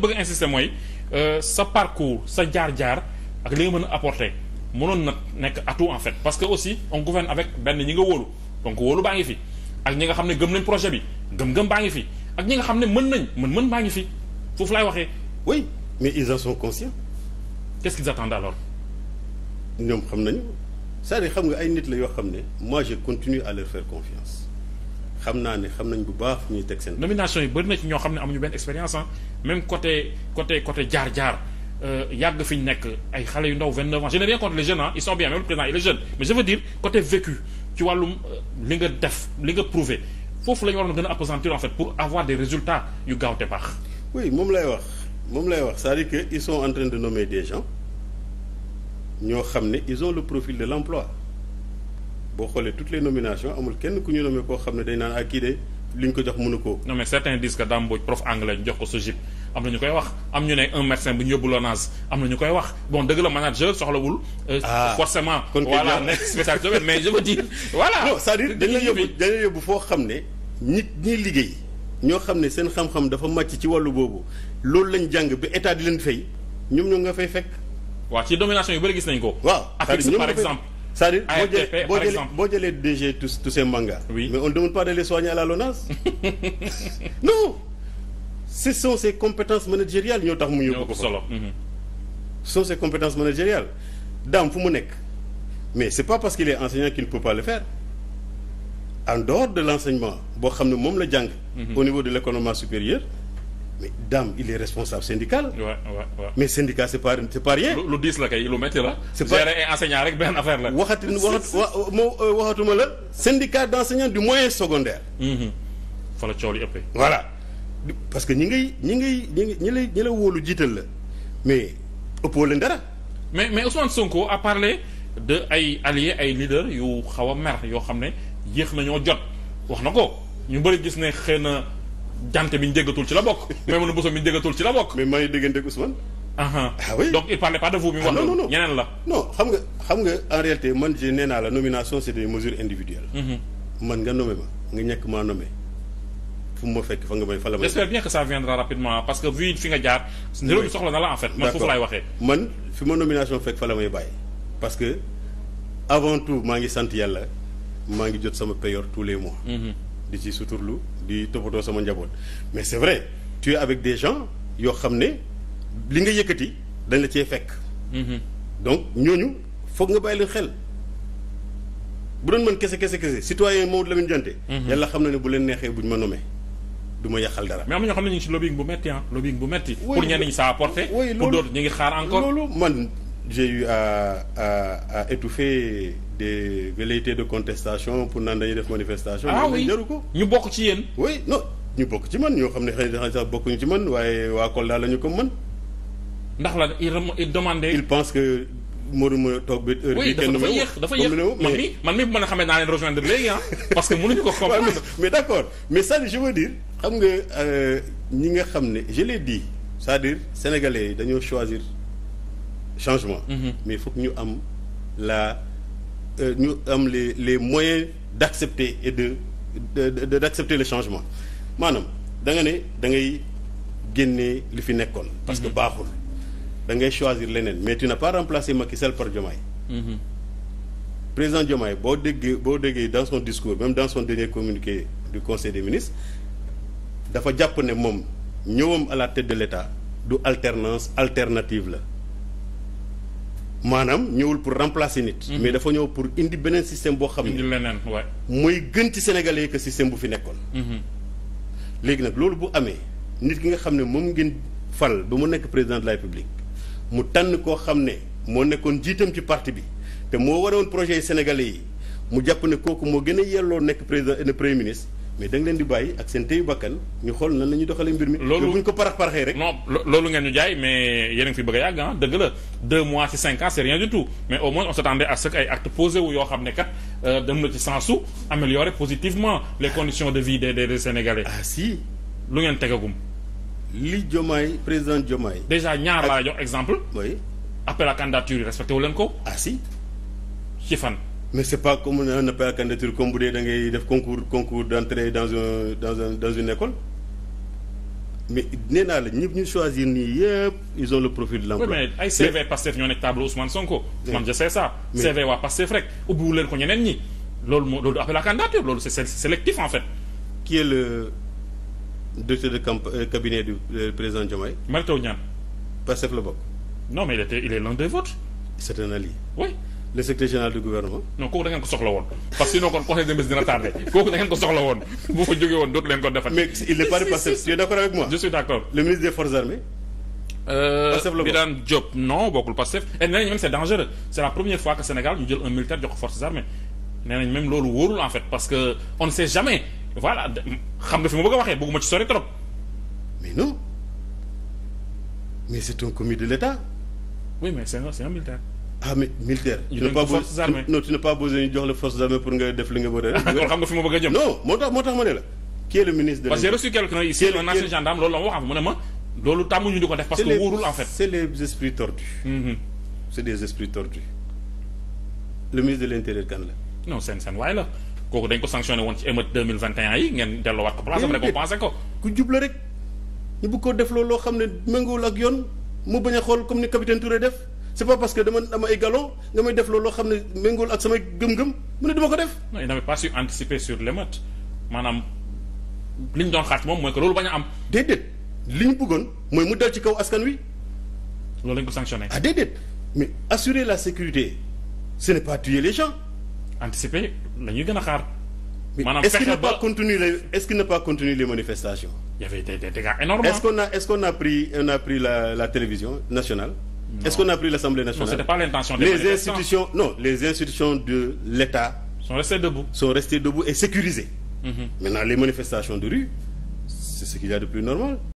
bëgg insister mooy euh, sa parcours sa jaar-jaar ak li nga mën a apporter mënoon nag nekk atout en fait parce que aussi on gouverne avec benn ñi nga wóolu donc wóolu baa ngi fi ak ñi nga xam ne gëm nañ projet bi gëm-gëm baa ngi fi ak ñi nga xam ne mën nañ mën-mën baa ngi fi foofu laay waxee. oui mais ils en sont conscients. qu'est-ce qu'ils attendent alors. ñoom xam nañu c'est-à-dire xam nga ay nit la yoo xam ne moi je continue à leur faire confiance. xam naa ne xam nañ bu baax ñuy teg seen. nomination yi bëri na ci ñoo xam ne amuñu benn expérience ah même côté côté côté jaar-jaar euh, yàgg fi ñu nekk ay xale yu ndaw 29 ans je n'ai rien contre les jeunes ah ils sont bien même le président il est jeune mais je veux dire côté vécu ci wàllum euh, li nga def li nga prouvé foofu la ñu waroon gën a appesantir en fait pour avoir des résultats yu gaaw te baax. oui moom lay wax moom lay wax c'est-à-dire que ils sont en de nommer des gens ñoo xam ne ils le profil de l'emploi boo xoolee toutes les nomination amul kenn ku ñu nommé koo xam ne dañ naan ak ah, kii de li ñu ko jox mënu ko. non mais certains disent que Dame Mbodj prof anglais ñu jox ko SOGIP am na ñu koy wax am ñu ne un médecin bu ñu yóbbu LONASE am na ñu koy wax bon dëgg la manager soxlawul. Euh, ah. forcément voilà nekk spécialiste mais je veux dire. voilà non c'est-à-dire dañ la yóbbu dañ la yóbbu foo xam ne nit ñi liggéey ñoo xam ne seen xam-xam dafa màcc ci wàllu boobu loolu lañ jàng bi état di leen fay ñoom ñoo nga fay fekk. waaw ci domination yu bëri gis nañ ko. waaw par exemple c'est-à-dire boo jëlee boo jëlee DG tous tous ces mangas. oui mais on ne demande pas de les soigner la LONASE. non ce sont ses compétences managériales ñoo tax mu yóbbu ko solo mhm. ce sont ses compétences managériales daam fu mu nekk mais c'est pas parce qu'il est enseignant qu'il ne peut pas le faire en dehors de l'enseignement boo xam ne moom la jàng. Mhm. au niveau de l'économie supérieur mais Dame il est responsable syndical. waaw waaw waaw mais syndicat c'est pas lu diis la kay lu métti la. c'est pas gérer rek benn affaire la. ma euh, waxatuma la. syndicat d'enseignants du moyen secondaire. Mm-hmm. fa la coow li ëppee. voilà parce que ñi ngay ñi ngay ñi ñi lay ñi la wóolu jiital la mais ëppoo leen dara. mais mais Ousmane Sonko a parlé de ay alliés ay leaders yu xaw a mer yoo xam ne yéex ñoo jot wax na ko ñu bëri gis ne xëy na. jante bi ñu déggatul ci la bokk. même nu bosom bi ñu déggatul ci la bokk. mais maa ngi dégganteeg Ousmane. ah oui donc il parlait pas de vous. mi ah, wax non ñeneen la. non xam nga xam nga en réalité man je nee naa la nomination c' est des mesures individuelles. Mhm. man nga nommé ma nga ñàkk maa nommé fu ma fekk fa nga may fa la may. j' espère bien que ça viendra rapidement parce que man foofu laay waxee. man fi ma nomination parce que avant tout maa ngi sant yàlla maa ngi jot sama payor tous les mois. Mhm. di ci suturlu di toppatoo sama njaboot mais c'est vrai tu es avec des gens yoo xam ne li nga yëkkati dañ la cee fekk. Mm-hmm. donc ñooñu foog nga bàyyi leen xel. bu doon mën kese kese kese citoyen Mamadou Lamine Diante. Mm-hmm. yàlla xam na ne bu leen neexee buñ ma nommé du ma yàqal dara. mais am ñoo xam ne ñu ngi si lobbying bu metti ah lobbying bu metti. pour ñenn ñi ça apporté. pour d'autres ñu ngi xaar encore man. j'ai eu à, à, à étouffer de contestation pour naan dañuy def manifestation. ah oui ko ñu bokk ci yéen. oui ñu bokk ci man ñoo xam ne xëy na sax ci man waaye waa Kolda la ñu ko mën. ndax la il il demandait. il pense que Modou toog bi heure bii kenn. dafa yéex dafa yéex man mi man mi bu ma la xamee naa leen rejoindre léegi ah. parce que mënuñu ko comprendre. mais d' accord mais ça je veux dire xam nga euh, ñi nga xam ne je l'ai dit c'est-à-dire sénégalais dañoo choisir. changement. Mm-hmm. mais il faut que ñu am la euh, ñu am les les moyens d' accepter et de de d' accepter le changement maanaam da nga ne da ngay génne li fi nekkoon. parce que mm-hmm. baaxul da ngay choisir leneen mais tu n'as pas remplacé Macky Sall par Diomaye. Mm-hmm. président Diomaye boo déggee boo déggee dans son discours même dans son dernier communiqué du conseil des ministres dafa jàpp ne moom ñëwam à la tête de l' état du alternance alternative la. maanaam ñëwul pour remplacer nit. Mhm. mais dafa ñëw pour indi beneen système boo xam ne. indi leneen waay mooy gën ci sénégalais yi que système bu fi nekkoon. Mhm. léegi nag loolu bu amee nit ki nga xam ne moom ngeen fal ba mu nekk président de la république mu tànn koo xam ne moo nekkoon jiitam ci parti bi te moo waroon projet sénégalais yi mu jàpp ne kooku moo gën a yelloo nekk président ne premier ministre. mais da leen di bàyyi ak seen teyu bakkan ñu xool nan la ñuy doxalee mbir mi. loolu bu ñu ko parax paraxee rek. non loolu ngeen ñu jaay mais yéen a ngi fi bëgg a yàgg ah dëgg la deux mois ci cinq ans c'est rien du tout mais au moins on s'attendait à ce que ay actes yoo xam ne kat euh, dem na ci sensu améliorer positivement les conditions de vie de des des Sénégalais. ah si lu ngeen tegagum. li Diomaye président Diomaye. déjà ñaar laa exemple. oui appel à candidature yi respecté wu leen ko. Ah, si ci fan. mais c'est pas comme un appel à candidature comme bu dee def concours concours d'entrée dans un dans un dans une école mais nee naa la ñëpp ñu choisir nii yëpp ils ont le profil de l'emploi. oui mais ay CV Pastef ñoo nekk tableau Ousmane Sonko. man je sais ça. CV waa Pastef rek ubbiwul leen ko ñeneen ñi loolu moo loolu appel à candidature loolu c'est sélectif en fait. qui est le directeur de camp euh, cabinet du euh, président Diomaye. Mary Teuw Niane. Pastef la bokk. non mais il était il est l'un le secrétaire général du gouvernement. non kooku da ngeen ko soxla woon parce que sinon kon conseil des ministres dina tardé kooku da ngeen ko soxla woon bu fa jógee woon dootu leen ko defal. mais il n'est pas de Pastef tu es d'accord avec moi. je d'accord le ministre des forces armées. Euh, Pastef la Birane non bokkul Pastef et nee nañ même c'est dangereux c'est la première fois que Sénégal ñu jël un militaire jox ko forces armées nee nañ loolu wóorul en fait parce que on ne sait jamais voilà xam waxee bëgguma ci sori trop. mais non mais c'est un commis de l'État. oui mais c'est un ah mais militaire. ñu doon forces armées non tu n'as pas besoin ñu jox la forces armées pour nga def li nga bëgg a. kon ah, xam nga fi ma bëgg a jëm. non moo tax moo tax ma ne la. qui est le ministre de. parce que j'ai reçu quelqu'un ici un ancien la ma wax mu ne ma. loolu tàmmuñu di ko def mhm. le ministre de l'intérieur kan la. non seen seen waaye la kooku dañ ko sanctionné woon ci émeute 2021 yi ngeen delloowaat ko place am récompensé ko. ku jublu rek ñu bëgg ko def loolu loo xam ne méngoowul ak yoon mu bañ a xool comme ni capitaine Touré def c'est pas parce que dama dama ay galon damay def loolu loo xam ne méngool ak samay gëm-gëm mu ne duma ko def. non il n'avait pas su anticiper sur l'émeute maanaam li ñu doon xaar moom mooy que loolu bañ a am. déedéet li ñu bëggoon mooy mu dal ci kaw askan wi. loolu lañ ko sanctionné. ah déedéet mais assurer la sécurité ce n'est pas tuer les gens. anticiper la ñuy gën a xaar. maanaam est-ce qu'il n'a pas continué les est-ce qu'il n'a pas continué les manifestations. y avait des dégâts énormes. est-ce qu'on a est-ce a pris on a pris nationale. Est-ce qu'on a pris l'Assemblée nationale Les institutions, non, les institutions de l'État sont restées debout. Sont restées debout et sécurisées. Mm les manifestations de rue, c'est ce qu'il a de plus normal.